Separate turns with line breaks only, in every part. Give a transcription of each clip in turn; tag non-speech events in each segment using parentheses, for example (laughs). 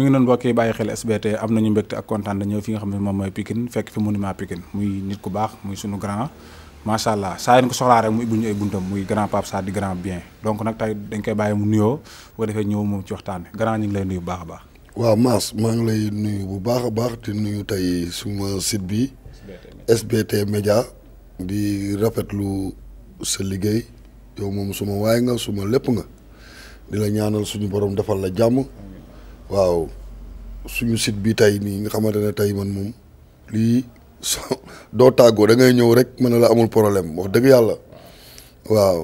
mi ngi noonu mbokk yi bàyyi xel SBT am nañu mbégte ak kontaan dañoo fi nga xam ne moom mooy Pikine fekk fi monument Pikine muy nit ku baax muy sunu grand macha allah saa yéen ko soxlaa rek mu ubbil ñu ay buntam muy grand pape sa di grand bien donc nag tey dañ koy bàyyi mu nuyoo boo defee ñëw moom ci waxtaan bi grand ñu ngi lay nuyu bu baax a baax.
waaw Mass maa ngi lay nuyu bu baax a baax te nuyu tey suma site bi SBT Média di lu sa liggéey yow moom suma waay nga suma lépp nga di la ñaanal suñu borom defal la jàmm. waaw suñu site bi tey nii nga xamante ne tey man moom lii doo tàggoo da ngay ñëw rek mën na la amul problème wax dëgg yàlla waaw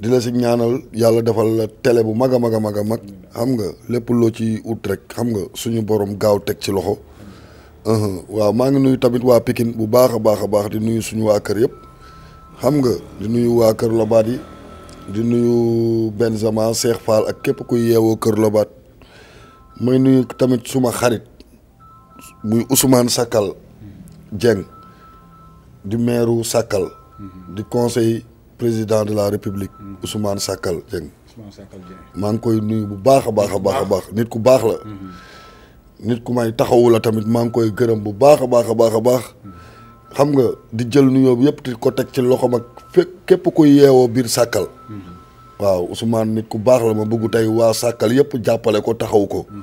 di la si ñaanal yàlla defal la tele bu mag a mag a mag a mag xam nga lépp loo ci ut rek xam nga suñu borom gaaw teg ci loxo waaw maa ngi nuyu tamit waa pikin bu baax a baax a baax di nuyu suñu waa kër yëpp xam nga di nuyu waa kër Lobaat yi di nuyu Benzema Cheikh Fall ak képp kuy yeewoo kër Lobaat may nuyu tamit suma xarit muy Ousmane Sakkal Dieng di maire Sakkal mhm. di conseil président de la république mhm. Ousmane Sakkal Dieng maa ngi koy nuyu bu baax a baax a baax a baax nit ku baax la mhm. nit ku may taxawu la tamit maa ngi koy gërëm bu baax a baax a baax a baax xam nga di jël nuyoo bi yëpp di ko teg ci loxo mag képp kuy yeewoo biir Sakkal waaw Ousmane nit ku baax la ma bëgg tey waa Sàkkal yëpp jàppale ko taxaw ko mhm.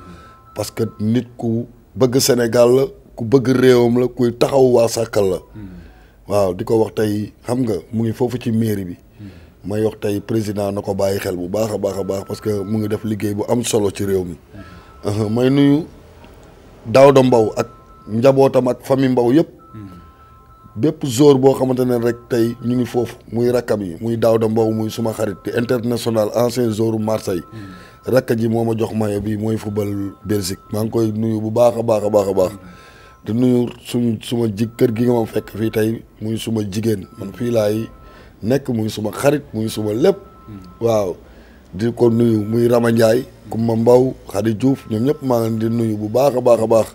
parce que nit ku bëgg Sénégal la ku bëgg réewam la kuy taxaw waa Sàkkal la mhm. waaw di ko wax tey xam nga mu ngi foofu ci mairie bi mhm. may wax tey président na ko bàyyi xel bu baax a baax a baax parce que mu ngi def liggéey bu am solo ci réew mi uh-huh, may nuyu Daouda Mbow ak njabootam ak famille Mbow yëpp bépp jour boo xamante ne rek tey ñu ngi foofu muy rakkam yi muy Daouda Mbow muy suma xarit te international ancien joueur Marseille mm. rakka ji moo ma jox maillot bi mooy football Belgique maa ngi koy nuyu bu baax a baax a baax a baax te mm. nuyu suñu suma ji kër gi ma fekk fii tey muy suma jigéen man fii laay nekk muy suma xarit muy suma lépp mm. di ko nuyu muy Rama Ndiaye Kumba Mbaw Khady Diouf ñoom ñëpp maa ngi di nuyu bu baax a baax a baax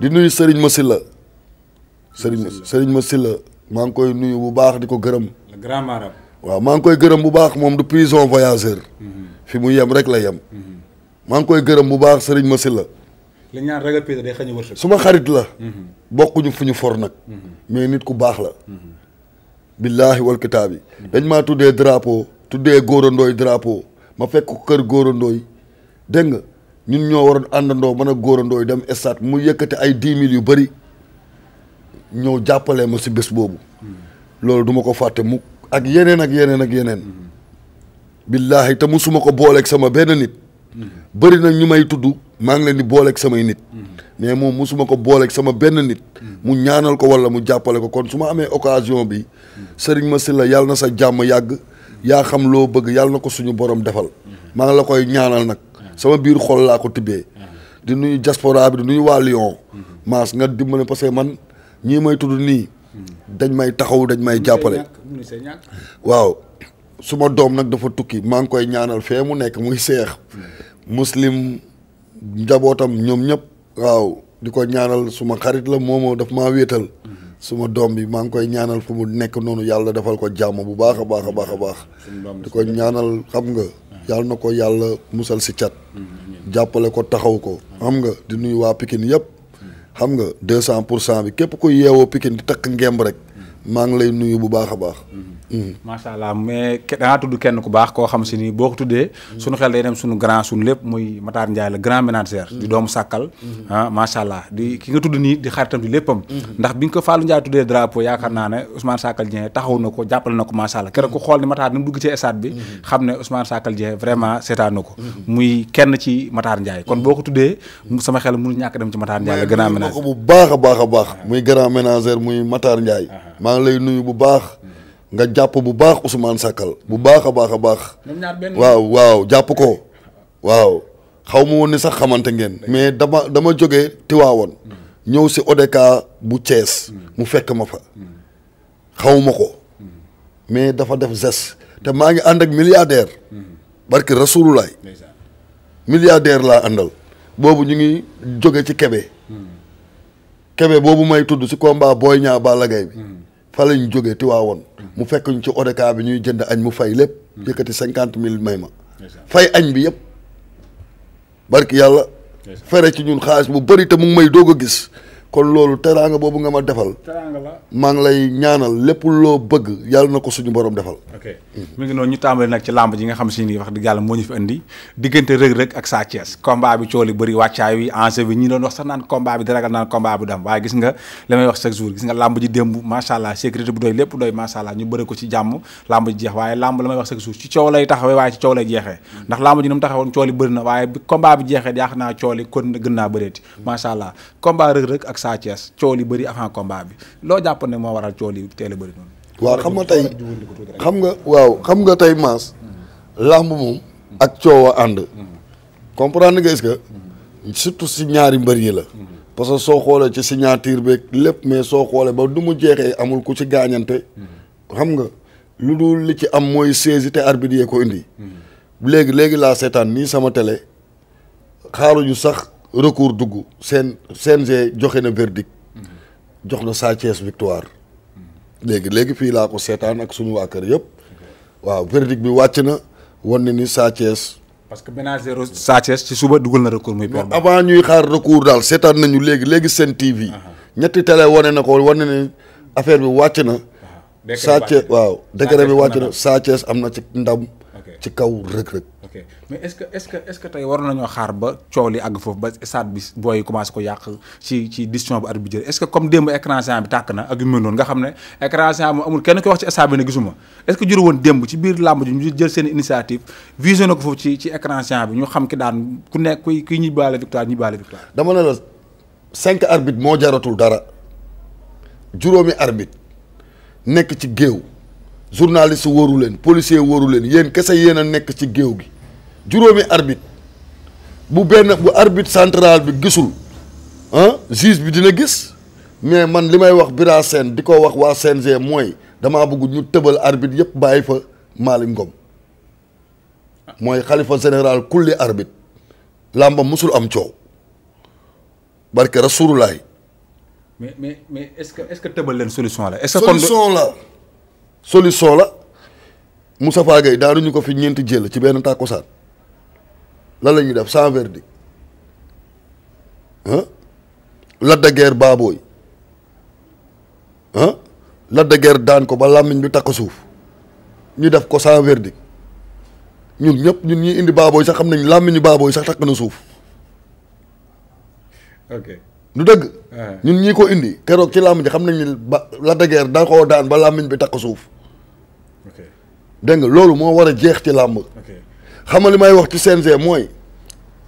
di nuyu Serigne Massila Serigne Serigne ma si la maa ngi koy nuyu bu baax di ko gërëm. le grand waaw maa ngi koy gërëm bu baax moom du prison voyageur. Mhm. fi mu yem rek la yem. Mhm. maa ngi koy gërëm bu baax Serigne ma si la
ñu naan ragal pied day xañ suma xarit la. Mhm.
bokkuñu fu ñu for nag. mais nit ku baax la. billaahi wal kitaabi. dañ maa tuddee drapeau. tuddee góorandooy drapeau. ma fekk ko kër góorandooy. dégg nga ñun ñoo waroon àndandoo mën a góorandooy dem stade mu yëkkate ay dix mille yu bëri. ñëw jàppale ma si bés boobu loolu duma ko fàtte mu ak yeneen ak yeneen ak yeneen billaahi te musuma ko booleeg sama benn nit bëri na ñu may tudd maa ngi leen di booleeg samay nit mais moom musuma ko booleek sama benn nit mu ñaanal ko walla mu jàppale ko kon su ma amee occasion bi sëriñ ma Massila yàlla na sa jàmm yàgg yaa xam loo bëgg yàlla na ko suñu boroom defal maa ngi la koy ñaanal nag sama biir xol laa ko tibbee di nuyu diaspora bi di nuyu waa Lyon maas nga dimbale parce man ñii may tudd nii dañ may taxaw dañ may jàppale waaw suma doom nag dafa tukki maa ngi koy ñaanal fee mu nekk muy seex muslim njabootam ñoom ñëpp waaw di ko ñaanal suma xarit la moomoo daf maa wéetal suma doom bi maa ngi koy ñaanal fu mu nekk noonu yàlla defal ko jàmm bu baax a baax a baax a baax di ko ñaanal xam nga yàlla na ko yàlla musal si cat jàppale ko taxaw ko xam nga di nuyu waa Pikine yëpp xam nga deux cent pour cent bi képp ku yeewoo pikin takk ngemb rek maa ngi lay nuyu bu baax a baax
macha allah mais dangaa tudd kenn ku baax koo xam si ni boo ko tuddee. sunu xel day dem sunu grand sunu lépp muy Matar Ndiaye la grand ménagère. di doomu ah, macha allah di ki nga tudd nii di xaritam di ndax bi nga ko Fallou Ndiaye tuddee drapeau yaakaar naa ne Ousmane Sàkkal Dieng taxaw na ko jàppale na ko macha allah keroog ku xool ni Matar ni mu dugg ci stade bi. xam ne Ousmane vraiment seetaan na ko. muy kenn ci Matar Ndiaye kon boo ko tuddee sama xel mënu ñàkk dem ci Matar Ndiaye la grand ménagère. bu baax a baax a baax muy grand ménagère muy Matar Ndiaye
ah. maa ngi lay nuyu bu baax nga jàpp bu baax Ousmane Sakkal bu baax a baax a baax. waaw waaw jàpp ko waaw xaw ma woon ni sax xamante ngeen. mais dama dama jóge jógee Tiwaawoon. ñëw si ODK bu Thiès. mu fekk ma fa. xaw ma ko. mais dafa def geste. te maa ngi ànd ak milliardaire. barki Rasulullah. milliardaire laa àndal. boobu ñu ngi jóge ci Kébé. Hmm. Kébé boobu may tudd si combat booy Niang Balla Gaye bi. Hmm. fa la ñu jógee Tiwaawoon mu fekk ñu ci ODCAV bi ñuy jënd añ mu fay lépp yëkkati cinquante mille may ma fay añ bi yëpp barki yàlla fere ci ñun xaalis bu bari te mu may doo a gis kon loolu teraanga boobu nga ma defal. teraanga la maa lay
ñaanal lépp loo bëgg yàlla na ko suñu borom defal. ok mi ngi noonu ñu tàmbali nag ci làmb ji nga xam si ni wax dëgg yàlla moo ñu fi indi diggante rëg-rëg ak Sa Thiès combat bi cool yi wàccaay wi enjeu bi ñi doon wax sax naan combat bi daragal naan combat bu dem waaye gis nga li may wax chaque jour gis nga làmb ji démb macha allah sécurité bu doy lépp doy macha allah ñu bëri ko ci jàmm làmb ji la may wax chaque jour ci coow lay taxawee waaye ci coow lay jeexee ndax làmb ji nu mu taxawoon cool yi bëri na waaye bi combat Sa Thiès coow li bëri avant combat bi loo jàpp ne moo waral a nga waaw
xam nga tey maas. làmb moom. ak coow ànd. comprendre nga est surtout si ñaari mbër yi la. parce que soo xoolee ci signature beeg lépp mais soo xoolee ba du mu jeexee amul ku ci gaañante. xam nga lu dul li ci am mooy saisi te arbitre yee ko indi. léegi léegi laa seetaan nii sama télé xaaruñu sax. recours dugg seen CNG joxe na verdict mm-hmm. jox na Sa Thiès victoire mm-hmm. léegi léegi fii laa ko seetaan ak suñu waa kër yëpp waaw verdict bi wàcc na wan na ni Sa Thiès
parce que ménagero
Sa Thiès suba dugal na recours muy avant ñuy xaar recours daal seetaan nañu léegi léegi seen TV ñetti télé wane na ko wane ne affaire bi wàcc na
Sa Thiès waaw décret bi wàcc na
Sa am na ci ndam ci kaw rëg-rëg. ok
mais est-ce que est-ce que tey war nañoo xaar ba coow li àgg foofu ba stade bi booy yi ko yàq ci ci décision bu arbitre bi jël est-ce comme démb écran géant bi tàkk na ak yu mel noonu nga xam ne écran géant bi amul kenn koy wax ci stade bi ne gisuma est-ce que juru woon démb ci biir làmb ji ñu jël seen initiative visionné ko foofu ci ci écran bi ñu xam ki daan ku nekk kuy kuy ñibbaale victoire ñibbaale victoire. dama ne la cinq arbitre moo jaratul dara juróomi arbitre
ci géew. journaliste wóoru leen policier wóoru leen yéen kese yéen a nekk ci géew gi juróomi arbitre bu benn bu arbitre central bi gisul ah juge bi dina gis mais man li may wax Bira Sène di ko wax waa CNG mooy damaa bëgg ñu tëbal arbitre yëpp bàyyi fa Malick Ngom mooy xalifa général kulli arbitre làmbam musul am coow barke Rasulullah
mais mais mais est-ce est est-ce que tëbal leen solution la. est-ce que solution la.
solution la Moustapha Gueye daanuñu ko fi ñeenti jël ci benn tàkkusaan lan la ñuy def sans verdict ah Lac de Guiers baabooy ah Lac daan ko ba làmmiñ bi takk suuf ñu def ko sans verdict ñun ñëpp ñun ñu indi baabooy sax xam nañ làmmiñu baabooy sax takk na suuf du dëgg. ñun ñii ko indi. keroog ci làmb ji xam nañu ni ba la dëgër da koo daan ba làmmiñ bi takk suuf. ok dégg nga loolu moo war a jeex ci làmb. ok nga li may wax ci CNG mooy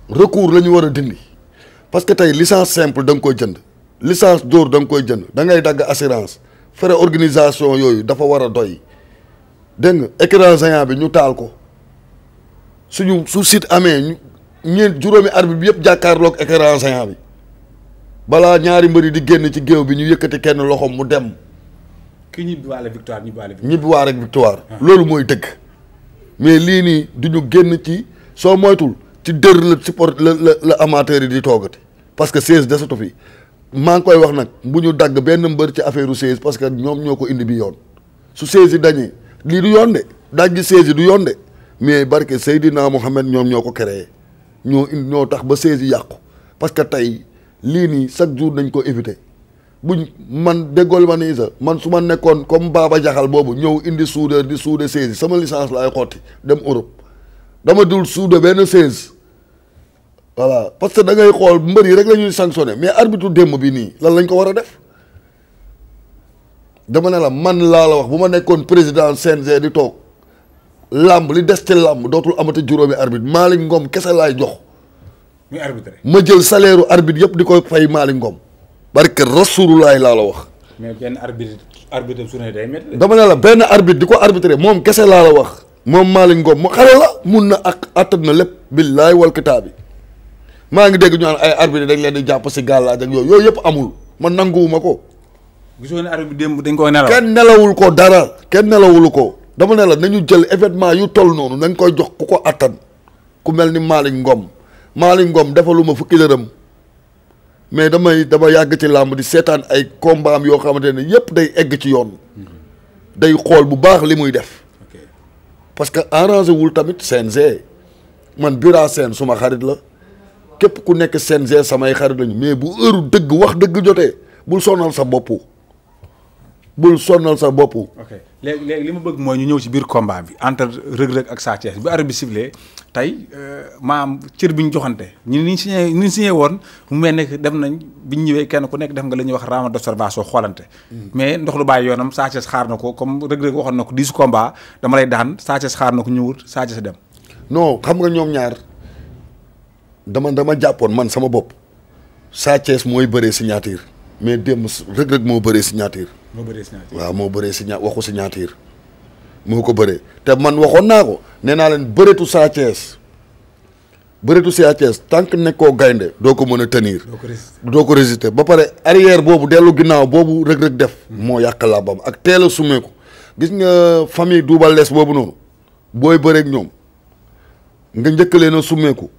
recours la ñu war a dindi parce que tey licence simple da nga koy jënd licence d'or da nga koy jënd da ngay dagg assurance frais organisation yooyu dafa war a doy dégg nga écran géant bi ñu taal ko suñu su site amee ñu ñeent juróomi arbitre bi yëpp jàkkaarlook écran géant bi. balaa ñaari mbër mbëri di génn ci géew bi ñu yëkkati kenn loxoom mu dem.
ki ñibbiwaale victoire ñibbiwaale victoire
ñibbiwaale victoire. Ah. loolu mooy dëgg. mais lii nii du ñu génn ci soo moytul ci dër la support la la la amateur yi di toogati. parce que de desatu fi maa ngi koy wax nag bu ñu dagg benn mbër ci affaire u seize parce que ñoom ñoo ko indi bi yoon su seize yi dañee lii du yoon de dagg seize yi du yoon de mais barke Seydina Mohamed ñoom ñoo ko créé ñoo indi tax ba seize yi yàqu parce que tey. lii nii chaque jour nañ ko éviter buñ man déggool ma nii sa man su ma nekkoon comme baaba jaxal boobu ñëw indi suude di suude seize sama licence laay xotti dem Europe dama dul suude benn seize voilà parce que da ngay xool mbër yi rek la ñuy sanctionné mais arbitre démb bi nii lan lañ ko war a def dama ne la man laa la wax bu ma nekkoon président CNG di toog làmb li des ci làmb dootul amati juróomi arbitre Malick Ngom kese laay jox muy arbitré ma jël salaire u arbitre yëpp di koy fay Malick Ngom. barke Rasulullah laa la wax.
mais benn arbitre arbitre su ne day métti dama
ne la benn arbitre di ko arbitré moom kese laa la wax. moom Malick Ngom mu xale la mun na ak attan na lépp billaay wal kitaabi maa ngi dégg ñu naan ay arbitre dañ leen di jàpp si gàllaaj ak yooyu yooyu yëpp amul man nanguwuma ko.
gisoo ne arbitre démb dañ koy nelaw. kenn
nelawul ko dara kenn nelawul ko dama ne la ñu jël événement yu toll noonu nañ koy jox ku ko attan ku mel ni Malick Ngom. Malick Ngom defaluma fukki dërëm mais damay dama yàgg ci làmb di seetaan ay combat am yoo xamante ne yëpp day egg ci yoon mm-hmm. day xool bu baax li muy def parce que arrangé wul tamit CNG man Bira seen suma xarit la képp ku nekk seen CNG samay xarit lañu mais bu heure dëgg wax dëgg jotee bul sonal sa bopp bul
sonnal sa bopp. ok léegi li ma bëgg mooy ñu ñëw ci biir combat bi entre Reug Reug ak Sa Thiès bi arbitre bi sifflé tey euh, maam cër bi ñu joxante ñu ni ñu signé ñu signé woon mu mel ne def nañ bi ñu ñëwee kenn ku nekk def nga la ñuy wax round d'observation xoolante. Hmm. mais ndox lu bàyyi yoonam Sa xaar na ko comme Reug Reug waxoon na ko dix komba dama lay daan Sa xaar na ko ñëwut Sa dem. non xam
nga ñoom ñaar dama dama jàppoon man sama bopp Sa mooy bëree signature mais démb Reug moo bëree signature
moo bëree waaw
moo bëree signa waxu signature moo ko bëree te man waxoon naa ko nee naa leen bëreetu Sa Thiès bëreetu Sa Thiès tant nekkoo gaynde doo ko mën a tenir doo ko résister ba pare arrière boobu dellu ginnaaw boobu rëg-rëg def moo yàq làmbam ak teel summeeku gis nga famille duubal lees boobu noonu booy bëreek ñoom nga njëkk leen summeeku sumeeku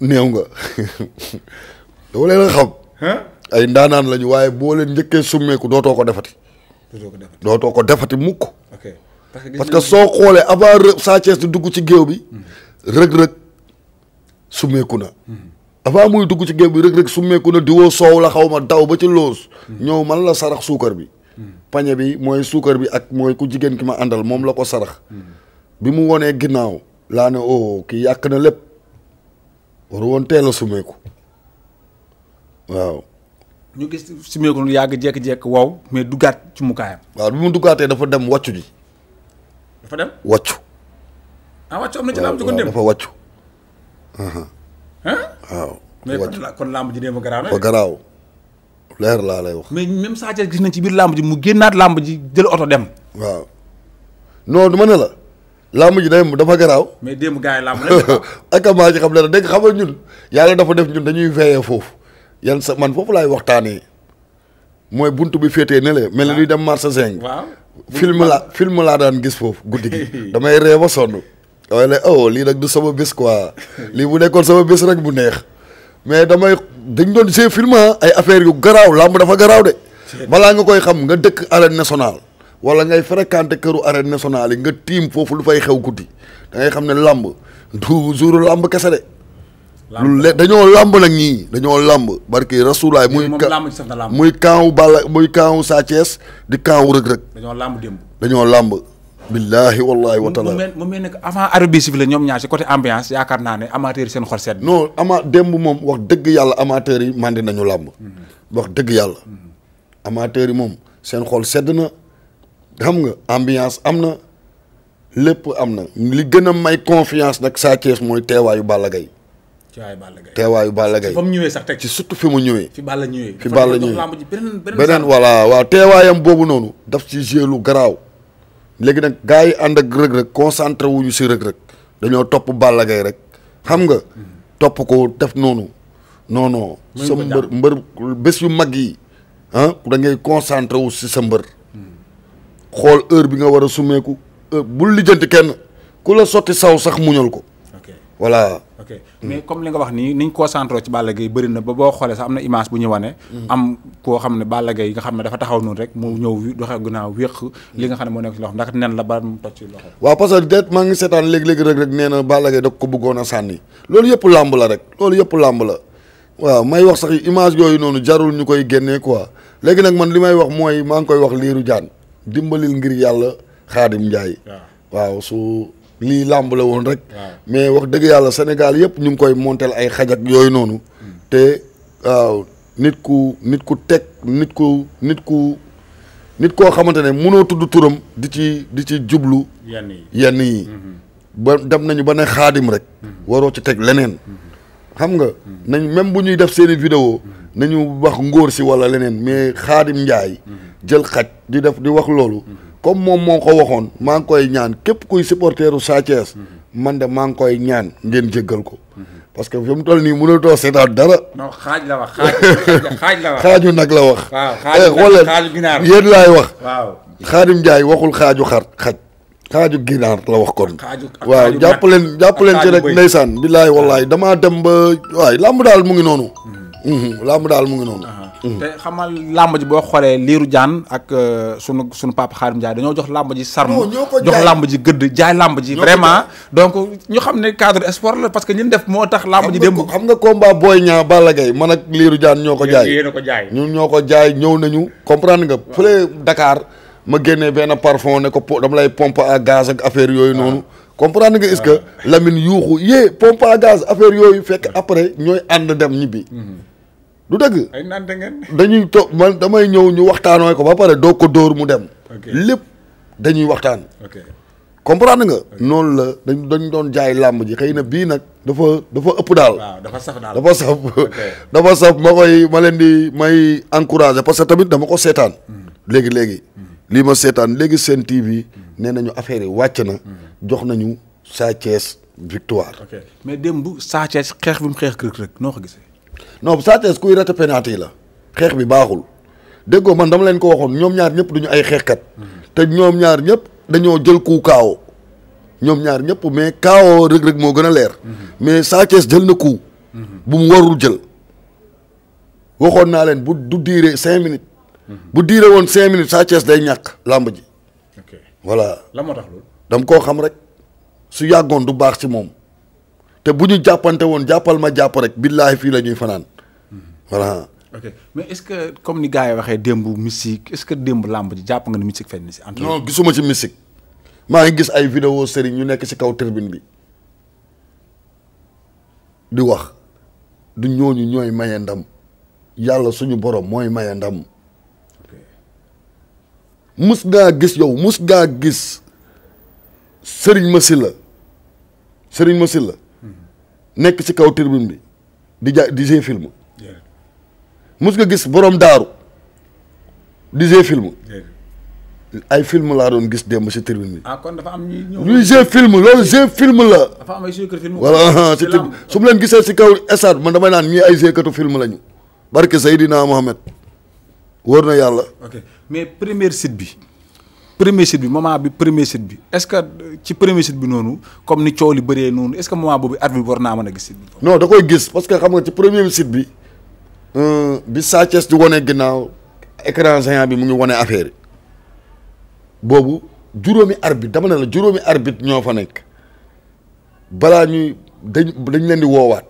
néew nga (laughs) doo leen a xam ay ndaanaan lañu waaye boo leen njëkkee summeeku dootoo ko defati. dootoo ko defati dootoo ko defati mukk. parce que soo xoolee avant rë Sa Thiès di dugg ci géew bi. rëg-rëg summeeku na. avant muy dugg ci géew bi rëg-rëg summeeku na di soow la xaw ma daw ba ci loos. ñëw man la sarax suukar bi. pañe bi mooy suukar bi ak mooy ku jigéen ki ma àndal moom la ko sarax. bi mu wonee ginnaaw laa ne oo oh, kii yàq na lépp waru woon teel a summeeku
waaw. ñu gis simeeku lu yàgg jékki-jékki wow mais duggaat ci mukaayam. waaw bi mu duggaatee dafa dem wàccu ji. dafa dem wàccu. ah na ko dem dafa
wàccu. waaw.
kon lamb ji dem garaaw na fa
leer laa lay wax.
mais même Sa Thiès gis nañ ci biir lamb ji mu génnaat lamb ji jël oto dem. waaw non dama ne la. ji day dafa garaaw. mais démb gars yi làmb lañ.
(laughs) akamaa xam ne nag dégg nga xam nga yàlla dafa def ñun dañuy veillé foofu. yan sa man foofu laay waxtaanee mooy bunt bi féetee ne la. mel ni ah. luy dem marché cinq. waaw film laa (laughs) film laa daan gis foofu guddi gi. (laughs) damay ree ba sonn. waaye nag oh lii nag du sama bés quoi (laughs) lii bu nekkoon sama bés rek bu neex mais damay dañ doon see film ah, ay affaire yu garaaw làmb dafa garaaw de. balaa nga koy xam nga dëkk arène nationale. wala ngay fréquenté këru arène nationale yi nga tiim foofu lu fay xew guddi da ngay xam ne làmb du jour làmb kese de. lu le dañoo làmb nag ñii dañoo làmb barki rasulaay muy muy kaawu Balla muy kaawu Sa Thiès di kaawu Reug Reug
dañoo làmb démb
dañoo làmb billaahi wallaahi wa taala
mu mel ne avant arbitre bi sifflé ñoom ñaar si côté ambiance yaakaar naa ne amateur yi seen xol sedd non ama démb moom wax dëgg yàlla
amateur yi mandi nañu làmb mm-hmm. wax dëgg yàlla mm-hmm. amateur yi moom seen xol sedd na xam nga ambiance am na lépp am na li gën a may confiance nag Sa Thiès mooy teewaayu Balla Gaye teewaayu Balla Gaye mu ñëwee sax teg ci surtout fi mu ñëwee. fi Balla ñëwee. fi Balla
ñëwee beneen voilà
waa teewaayam boobu noonu. daf ci lu garaaw. léegi nag gars yi ànd ak Reug Reug concentré wu ñu si Reug Reug dañoo topp Balla Gaye rek xam nga. Hmm. topp ko def noonu. noonu non sa mbër mbër bés yu mag yi ah da ngay concentré wu si sa mbër. Hmm. xool heure bi nga war a sumeeku. bul lijjanti kenn ku la sotti saw sax muñal ko.
voilà. ok mais comme li nga wax nii niñ concentré ci Balla Gaye bëri ba boo xoolee sax am na image bu ñu wane. am koo xam ne Balla Gaye nga xam ne dafa taxaw noonu rek mu ñëw doxe gannaaw wéq li nga xam ne moo nekk ci loxo ndax nen la ba mu toj ci loxo. waaw parce que det maa ngi seetaan léegi-léegi rek
rek nee na Balla Gaye a loolu yëpp làmb la rek loolu yëpp làmb la waaw may wax sax image yooyu noonu jarul ñu koy génnee quoi léegi nag man li may wax mooy maa ngi koy wax liiru jaan dimbalil ngir yàlla xaadim njaay waaw su lii làmb la woon rek. mais wax dëgg yàlla Sénégal yëpp ñu ngi koy monteel ay xajak yooyu noonu. Mm. te waaw nit ku nit ku teg nit ku nit ku nit koo xamante ne mënoo tudd turam di ci di ci jublu. yenn yi yenn yi. Mm-hmm. ba dem nañu ba ne xaadim rek. Mm-hmm. waroo ci teg leneen. Mm-hmm. xam nga nañ même bu ñuy def seeni i vidéo nañu wax ngóor si wala leneen mais xaadim njaay jël xaj di def di wax loolu. comme moom moo ko waxoon maa ngi koy ñaan képp kuy supporteru Sa Thiès mhm. man de maa ngi koy ñaan ngeen jéggal ko mhm. parce que fi mu toll nii mënatoo seetaan dara. a xaaj la wax xaaj la wax xaaju nag la wax. waaw xaaju eh, ginaar yéen laay wax. waaw Xaadim waxul xaaju xar xaj. xaaju ginaar la wax kon. waaw jàpp leen jàpp leen ci rek ndeysaan. billaay wallaay damaa dem ba waay làmb daal mu ngi noonu.
Mhm. làmb daal mu ngi noonu. te xam nga làmb ji boo xoolee liiru jaan ak euh, sunu sunu papa Xaadim Njaay dañoo jox làmb ji sarm jox làmb ji gëdd jaay làmb ji vraiment donc ñu xam ne cadre sport la parce que ñun def moo tax làmb ji dem xam nga
combat Boy Niang Balla Gaye man ak liiru jaan ñoo ko jaay ñun ñoo ko jaay ñëw nañu comprendre nga fële Dakar ma génnee benn parfum ne ko dama lay pompe à gaz ak affaire yooyu noonu comprendre nga est-ce que Lamine yuuxu yee pomp à gaz affaire yooyu fekk après ñooy ànd dem ñibbi mhm. du dagg ay nante dañuy toog man damay ñëw ñu waxtaanoo ko ba pare doo ko dóor mu dem. lépp dañuy waxtaan. comprendre nga. noonu la dañ dañ doon jaay làmb ji xëy na bii nag dafa dafa ëpp daal.
dafa saf daal dafa saf. (laughs)
dafa saf ma koy ma leen di may encourager parce que tamit dama ko seetaan. Hmm. léegi léegi. Hmm. lii ma seetaan léegi seen TV hmm. nee nañu affaire yi wàcc na jox nañu Sa Thiès victoire.
mais démb Sa Thiès xeex bi mu xeex Reug Reug noo ko gisee.
non Sa Thiès kuy raté penalty la xeex bi baaxul déggoo man dama leen ko waxoon ñoom ñaar ñëpp duñu ay xeexkat te ñoom ñaar ñëpp dañoo jël coup kaawo ñoom ñaar ñëpp mais kaawo Reug Reug moo gën a leer mais Sa jël na coup bu mu warul jël waxoon naa leen bu du diire cinq minutes bu diire woon cinq minutes Sa day ñàkk làmb ji voilà la moo tax dam koo xam rek su yàggoon du baax ci moom te bu ñu jàppante woon jàppal ma jàpp rek billaahi fii la ñuy fanaan
voilà. ok mais est-ce que comme ni gars yi waxee démb mystique est-ce que démb làmb ji jàpp nga ni mystique fenn si. non gisuma ci mystique maa ngi gis ay vidéo sëriñ ñu nekk si kaw tribune
bi di wax du ñooñu ñooy maye ndam yàlla suñu borom mooy maye ndam mus ngaa gis yow mus ngaa gis sëriñ la sëriñ Masila. nekk ci kaw tribune bi di ja di jee film. mus nga gis borom daaru di jee film. ay film laa doon gis démb ci tribune bi.
ah kon dafa am ñuy ñëw ñuy jee film loolu jee
su mu leen gisee si kaw estade man damay naan ñii ay jëkkëtu film lañu. barke Seydina Mohamed wóor na yàlla. mais première site
bi. premier site bi moment bi premier site bi est-ce que ci premier site bi noonu comme ni coow li bëree noonu est-ce que moment boobu arbitre bi war naa mën a gis site bi. non da koy gis parce que xam nga ci premier site bi
euh, bi Sa di wane ginnaaw écran géant bi mu ngi wane affaire boobu juróomi arbitre dama ne la juróomi arbitre ñoo fa nekk balaa ñuy dañ dañ leen di woowaat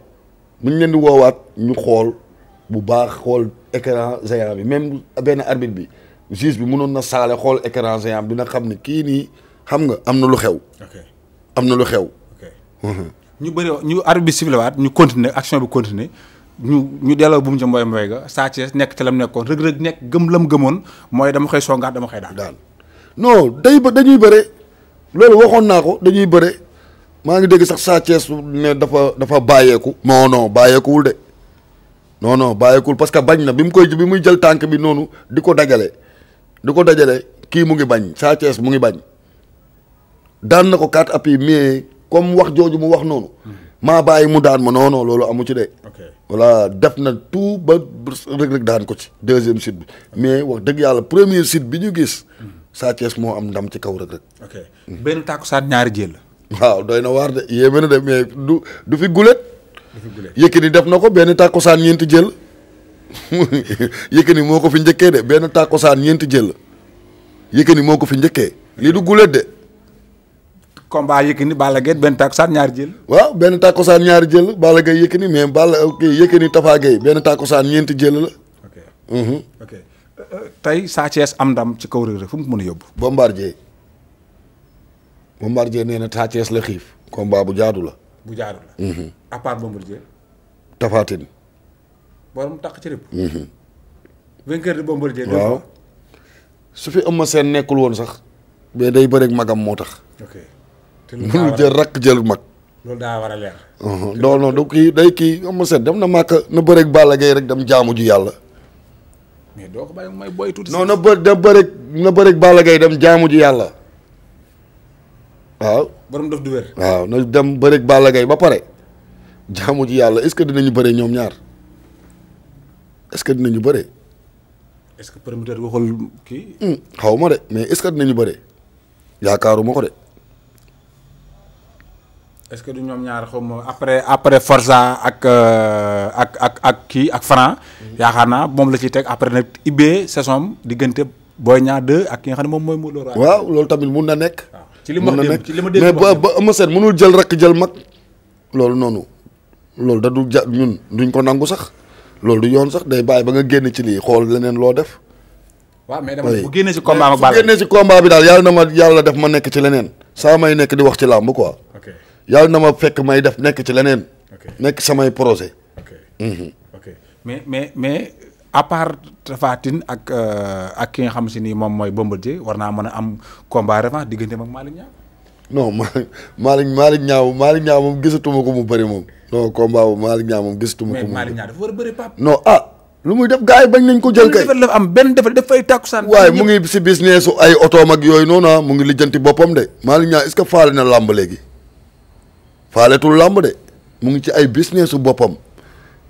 bu ñu leen di woowaat ñu xool bu baax xool écran géant bi même benn arbitre bi. juge bi mënoon na saale
xool écran géant am dina xam ne kii nii xam nga am na lu xew. am na lu xew. Mhm. ñu bëri ñu arbitre bi sifflé waat ñu continuer action bi continuer ñu ñu delloo bu mu ca mboy mboy ga Sa Thiès nekk la mu nekkoon Reug Reug nekk gëm lam gëmoon mooy dama koy songaat dama koy daal. daal non day ba dañuy bëre loolu waxoon naa ko dañuy bëre
maa ngi dégg sax Sa Thiès ne dafa dafa bàyyeeku. non non bàyyeekuwul de non non bàyyeekuwul parce que bañ na bi mu koy bi muy jël tànk bi noonu di ko dajale. di ko dajale kii mu ngi bañ Sa mu ngi bañ daan na ko quatre appuis mais comme wax jooju mu wax noonu hmm. maa bàyyi mu daan ma non non loolu amu ci de. voilà def na tout ba Reug Reug daan ko ci deuxième site bi mais wax dëgg yàlla premier site bi ñu gis hmm. Sa moo am ndam ci kaw Reug Reug.
ok hmm. benn tàkkusaan ñaari jël waaw doy na waar
de yéeme na de mais du du fi gulet. du fi def na ko benn tàkkusaan ñeenti jël. (laughs) Yékini moo ko fi njëkkee de benn tàkkusaan ñeenti jël Yékini moo ko fi njëkkee lii du guléet de. combat Yékini Balla Gaye benn tàkkusaan ñaari jël. waaw benn tàkkusaan ñaari jël Balla Gaye Yékini mais Balla kii Yékini Tapha benn tàkkusaan ñeenti jël la.
ok mhm. ok euh, tey Sa am ndam ci kaw Reug
fu mu mën a yóbbu. Bombardier Bombardier nee na la xiif. combat bu jaadu la. bu jaadu la. Mhm. à
borom takk ci rëbb. Mhm. vainqueur de Bombardier. waaw su fi Eumeu
Sène nekkul woon sax. mais day bëreeg magam moo tax.
ok te mënul jël rakk jël mag. loolu daa war a leer.
Mhm. non non du kii day kii Eumeu Sène dem na màkk na bëreeg Balla Gaye rek dem jaamu ju yàlla.
mais doo ko bàyyi may
na bë na bëreeg na bëreeg Balla Gaye dem jaamu ji yàlla.
waaw borom daf du wér. waaw na
dem bëreeg Balla gay ba pare jaamu ji yàlla est-ce ñu dinañu bëree ñoom ñaar. est-ce que ñu bëre. est-ce que promoteur waxul kii. Hmm, xaw ma de mais est-ce que dinañu bëre yaakaaruma ko de.
est-ce que du ñoom ñaar xaw ma après après Forza ak euh, ak ak ak kii ak Franc. Hmm. yaakaar naa moom la ciy teg après nag ubbee saison diggante booy Niang 2 ak ki nga xam ne moom mooy Modou Lo. waaw loolu tamit mun na nekk. ci li ma nekk ci li ma mais ba ba Eumeu Sène mënul jël
rakk jël mag. loolu noonu loolu da du ja ñun duñ ko nangu sax. loolu du yoon sax day bàyyi ba nga génn ci lii xool leneen loo def.
waaw mais dama bu génnee ci combat ma génnee bi daal
yàlla na ma yàlla def ma nekk ci leneen saa may nekk di wax ci làmb ko ok yàlla na fekk may def nekk ci leneen. nekk samay projet. Mhm.
mais mais mais à part Tapha Tine ak euh, ak ki nga xam si ni moom mooy Bombardier war naa mën a am combat revanche diggante ak Malick Niang non ma Malick Malick Niang
Malick Niang moom gisatuma ko mu bëri moom non combat bu Malick Niang moom gisatuma ko mu bëri mais
Malick bëri Pape
non ah lu muy def gaa yi bañ nañ ko jël kay defar la am benn defar dafay waaye mu ngi si business su ay otoom ak yooyu noonu ah, mu ngi lijjanti boppam de Malick Niang est-ce faale na làmb léegi faaletul làmb de mu ngi ci ay business boppam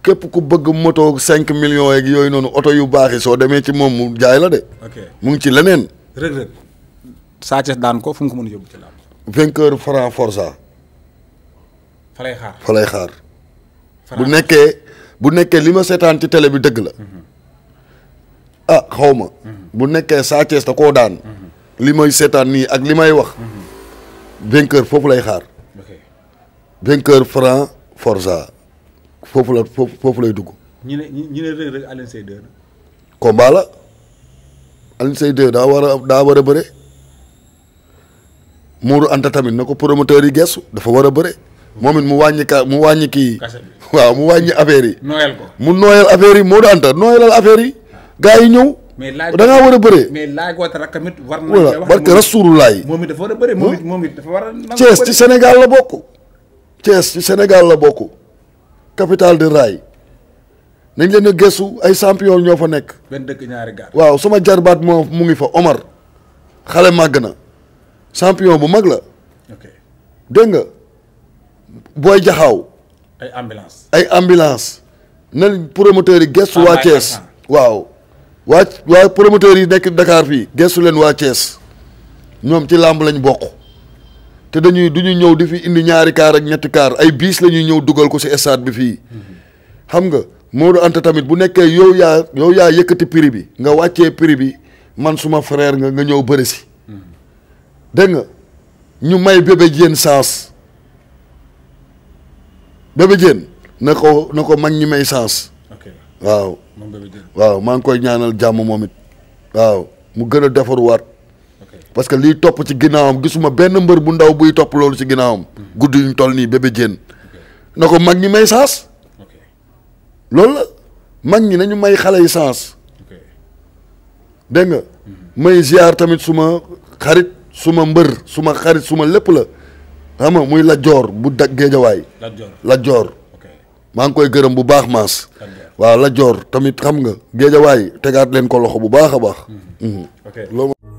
képp ku bëgg moto cinq million yeeg yooyu noonu oto yu baax soo demee ci moom mu jaay la de mu ngi ci leneen
Sa daan ko fu ko mën
vainqueur Franc Forza. fa lay xaar bu nekkee bu nekkee li ma seetaan ci tele bi dëgg la. Mhm. ah xaw ma. Mhm. bu nekkee Sa Thiès da koo daan. Mhm. li may seetaan nii ak li may wax. vainqueur foofu lay xaar. vainqueur Franc Forza foofu la lay dugg. ñu ne ñu daa war a daa war a bëre. Mourou Anta tamit na ko promoteur yi gestu dafa war a bëre moom it mu wàññi ka mu wàññi kii waaw mu wàññi affaire yi. nooyal mu nooyal affaire yi Mourou Anta nooyalal affaire yi gars yi ñëw. mais laaj da war a bëree.
mais laaj waat rek tamit war nañu. wax dëgg barke Rasulullah yi. moom it war a bëree moom it moom war a. Thiès ci Sénégal
la bokk. Thiès ci Sénégal la bokk. capitale de rail nañ leen gestu ay champion ñoo fa nekk.
benn dëkk ñaari gaar.
waaw sama jarbaat moo mu ngi fa Omar xale màgg na. champion bu mag la. ok dégg nga booy jaxaaw. ay ambulance ay ambulance nan promoteurs yi gestu waa Thiès waaw. waa waa promoteurs yi nekk Dakar fii gestu leen waa Thiès ñoom ci làmb lañu bokk te dañuy du ñëw di fi indi ñaari kaar ak ñetti kaar ay biis la ñuy ñëw dugal ko si stade bi fii mm-hmm. xam nga Modou Anta tamit bu nekkee yow yaa yow yaa yëkkati prix bi nga wàccee prix bi man suma frère nga nga ñëw bëri si. dégg nga ñu may bébé jén chance bébé jéen na ko na ko mag ñi may chance waaw waaw maa ngi koy ñaanal jàmm moom it waaw mu gën a defaruwaat parce que liy topp ci ginnaawam gisuma benn mbër bu ndaw buy topp loolu ci ginnaawam mm-hmm. gudd yuñ toll nii bébé jén na ko mag ñi may chance loolu mag ñi na ñu may xale yi chance dégg nga mm-hmm. may ziar tamit suma xarit suma mbër suma xarit suma lépp la xam nga muy Latjoor bu da géejawaay. Latjoor maa ngi koy gërëm bu baax maas. waaw Latjoor tamit xam nga géejawaay tegaat leen ko loxo bu baax a baax. Hmm. Hmm.